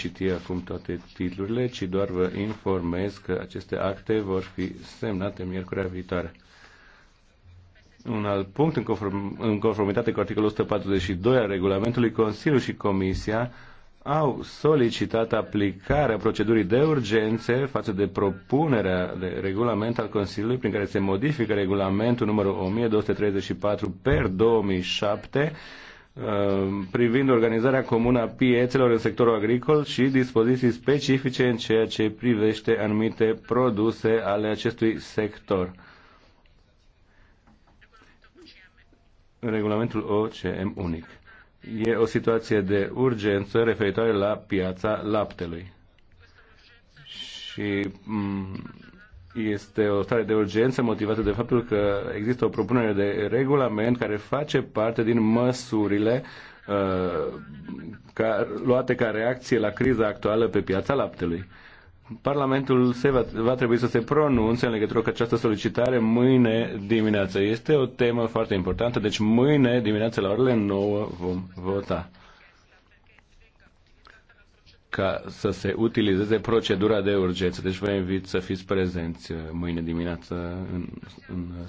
citi acum toate titlurile, ci doar vă informez că aceste acte vor fi semnate miercurea viitoare. Un alt punct, în, conform, în conformitate cu articolul 142 al regulamentului, Consiliul și Comisia au solicitat aplicarea procedurii de urgențe față de propunerea de regulament al Consiliului prin care se modifică regulamentul numărul 1234 per 2007 Uh, privind organizarea comună a piețelor în sectorul agricol și dispoziții specifice în ceea ce privește anumite produse ale acestui sector. Regulamentul OCM unic. E o situație de urgență referitoare la piața laptelui. Și mm, este o stare de urgență motivată de faptul că există o propunere de regulament care face parte din măsurile uh, ca, luate ca reacție la criza actuală pe piața laptelui. Parlamentul se va, va trebui să se pronunțe în legătură cu această solicitare mâine dimineață. Este o temă foarte importantă, deci mâine dimineață la orele 9 vom vota ca să se utilizeze procedura de urgență. Deci vă invit să fiți prezenți uh, mâine dimineață în, în